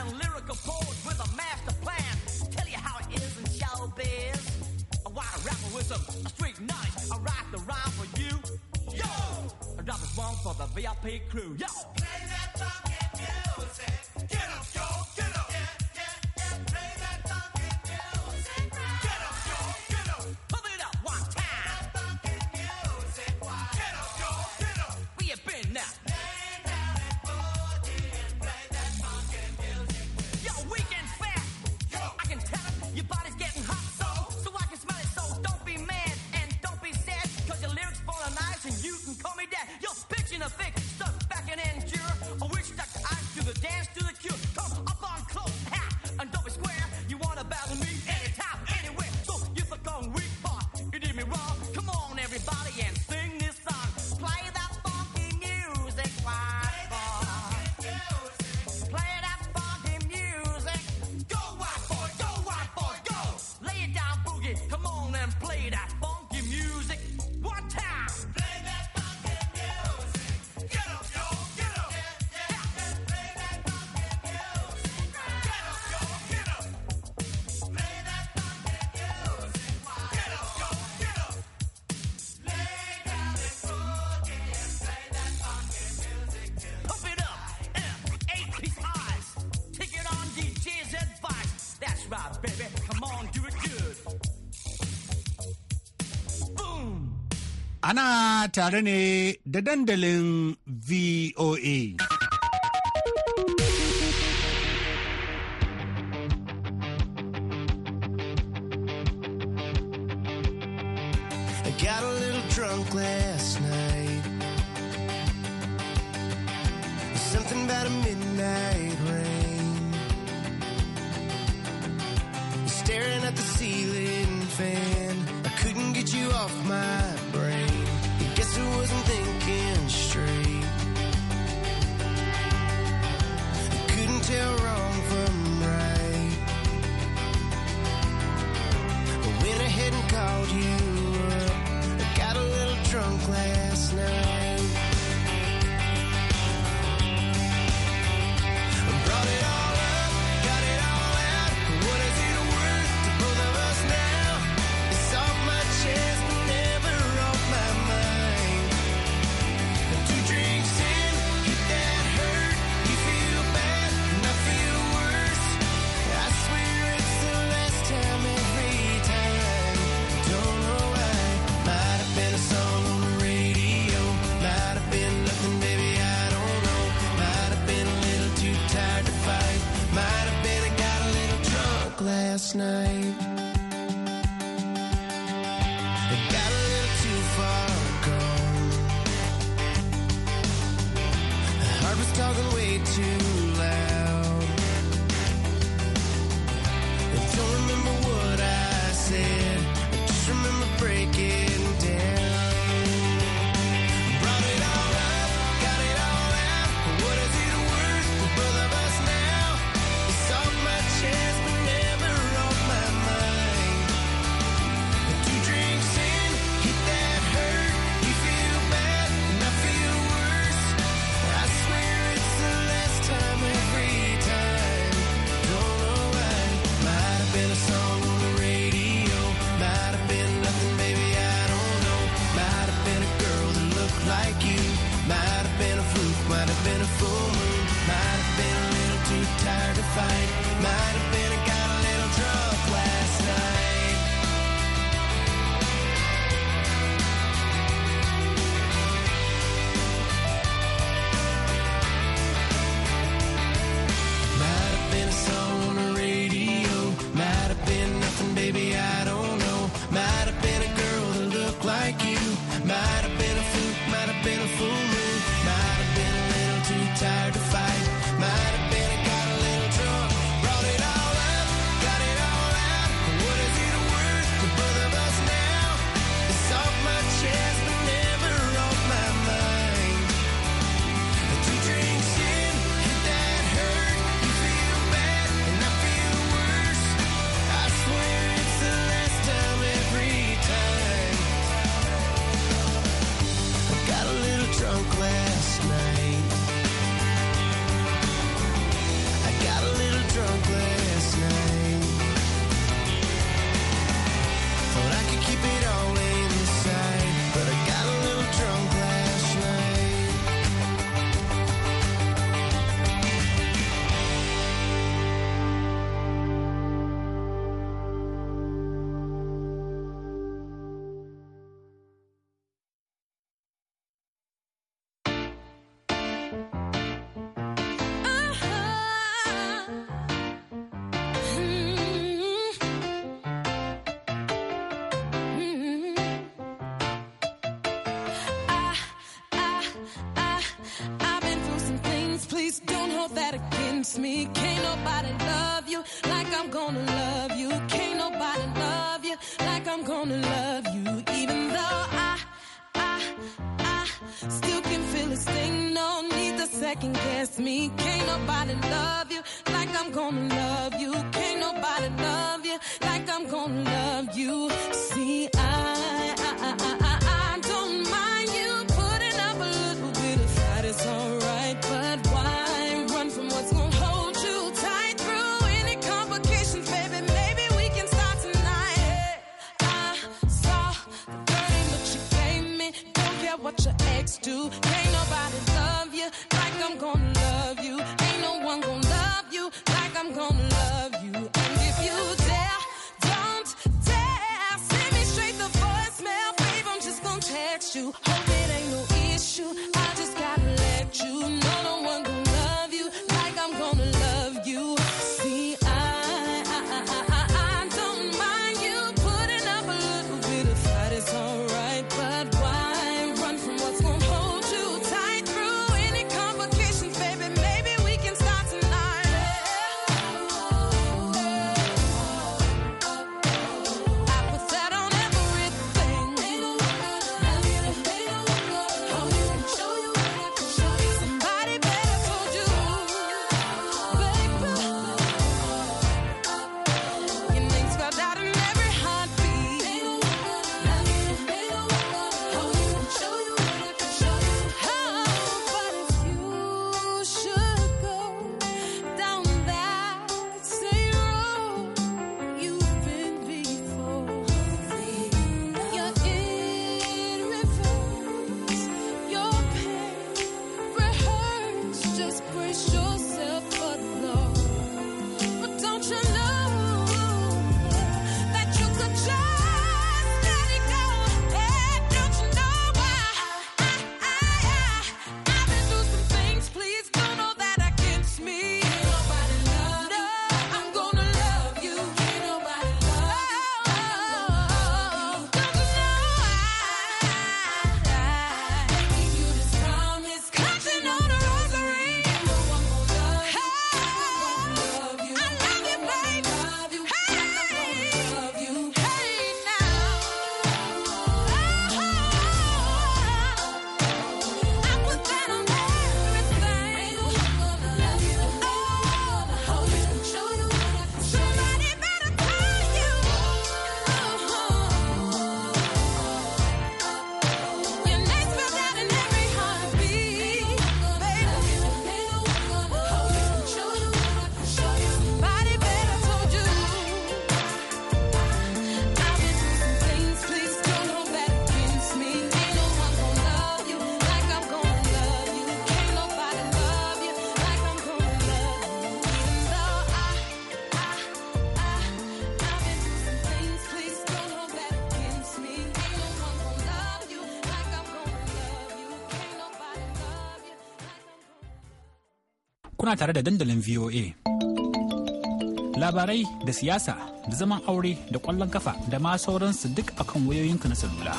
and lyrical poet with a master plan. Tell you how it is in showbiz. I want a rapper with some street knowledge. I write the rhyme for you. Yo! I drop this one for the VIP crew. Yo! Play that funky music. Get up, yo! Ana tare ne da dandalin VOA. Got a little drunk last night. Something about a midnight rain. Staring at the ceiling fan. I couldn't get you off my called you up. I got a little drunk last night. tempts me. Can't nobody love you like I'm gonna love you. Can't nobody love you like I'm gonna love you. Even though I, I, I still can feel a thing. No need to second guess me. Can't nobody love you like I'm gonna love you. Can't nobody love you like I'm gonna love you. See. do. Ain't nobody love you like I'm gonna love you. Ain't no one gonna love you like I'm gonna love you. And if you dare, don't dare send me straight the voicemail, babe. I'm just gonna text you. kuna tare da dandalin VOA. Labarai da siyasa da zaman aure da kwallon kafa da ma sauransu duk akan wayoyinka na salula.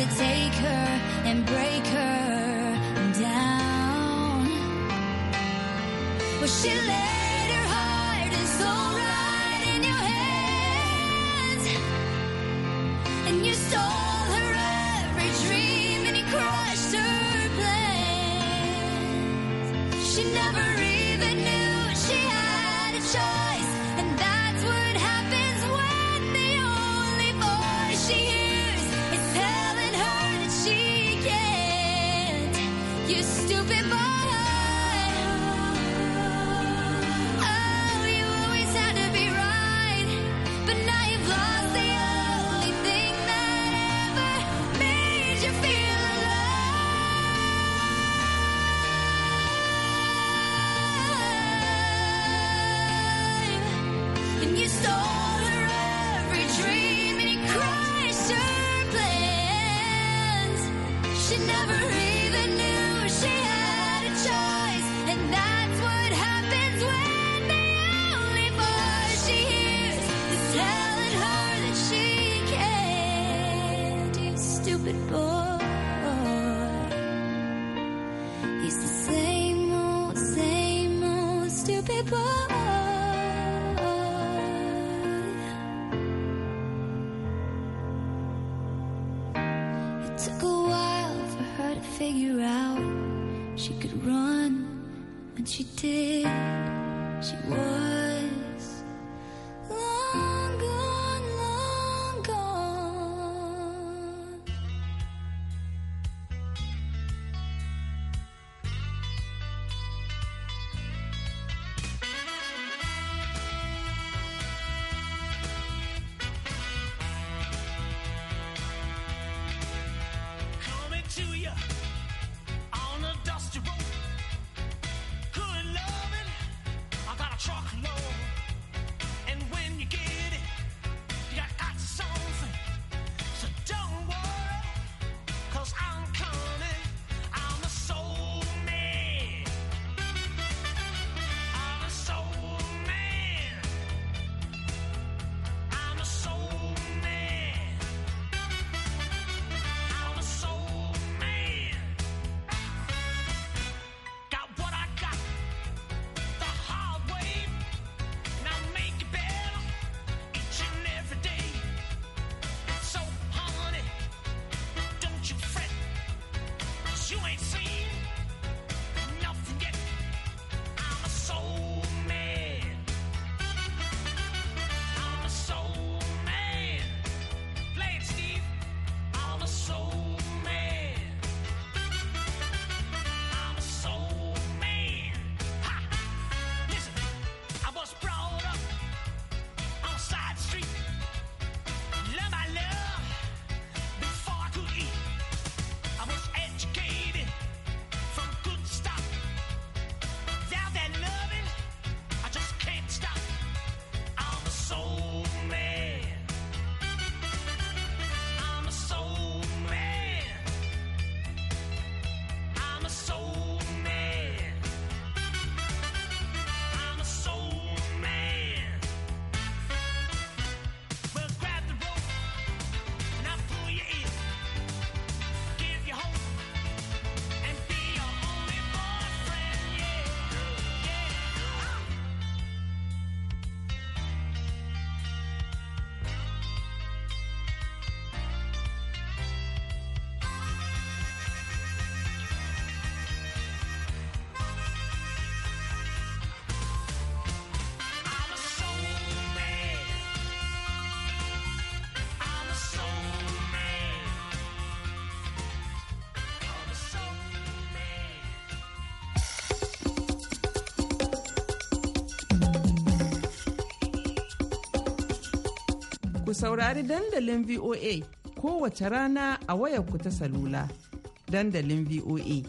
to take her and break her down. Well, she laid her heart and soul. saurari dandalin VOA kowace rana a wayarku ta salula. Dandalin VOA.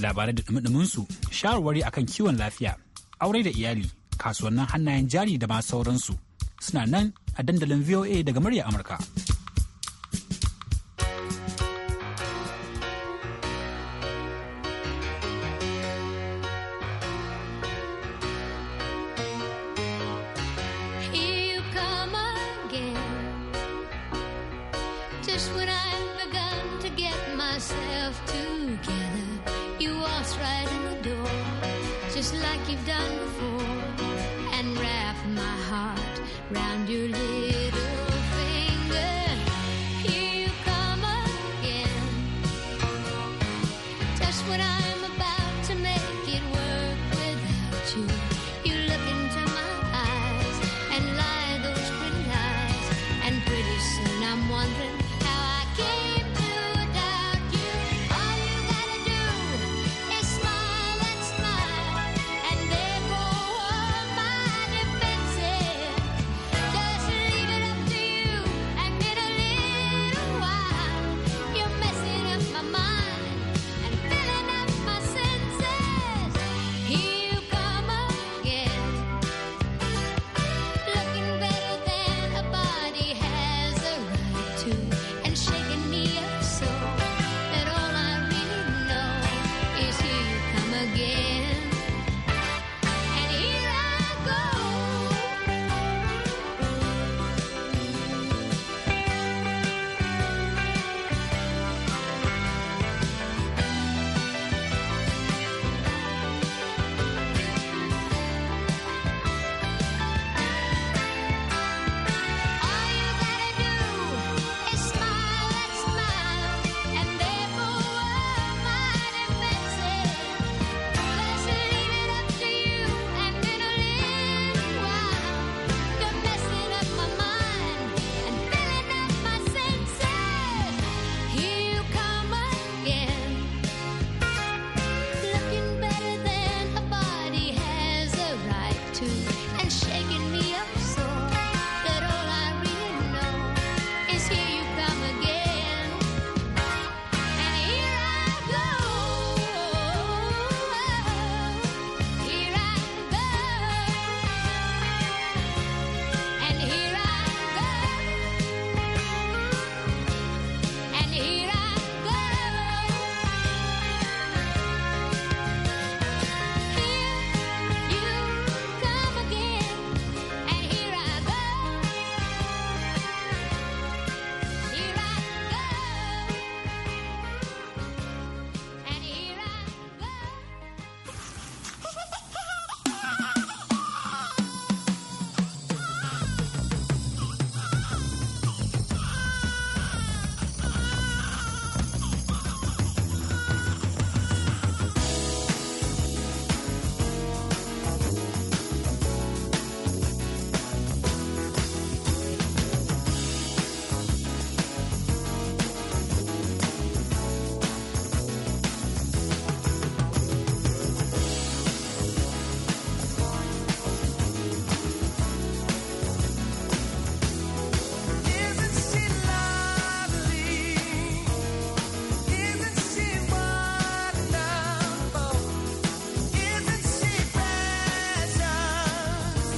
labarai da dumudumin su shawarwari akan kiwon lafiya aure da iyali kasuwannin hannayen jari da ma sauransu suna nan a dandalin voa daga murya amurka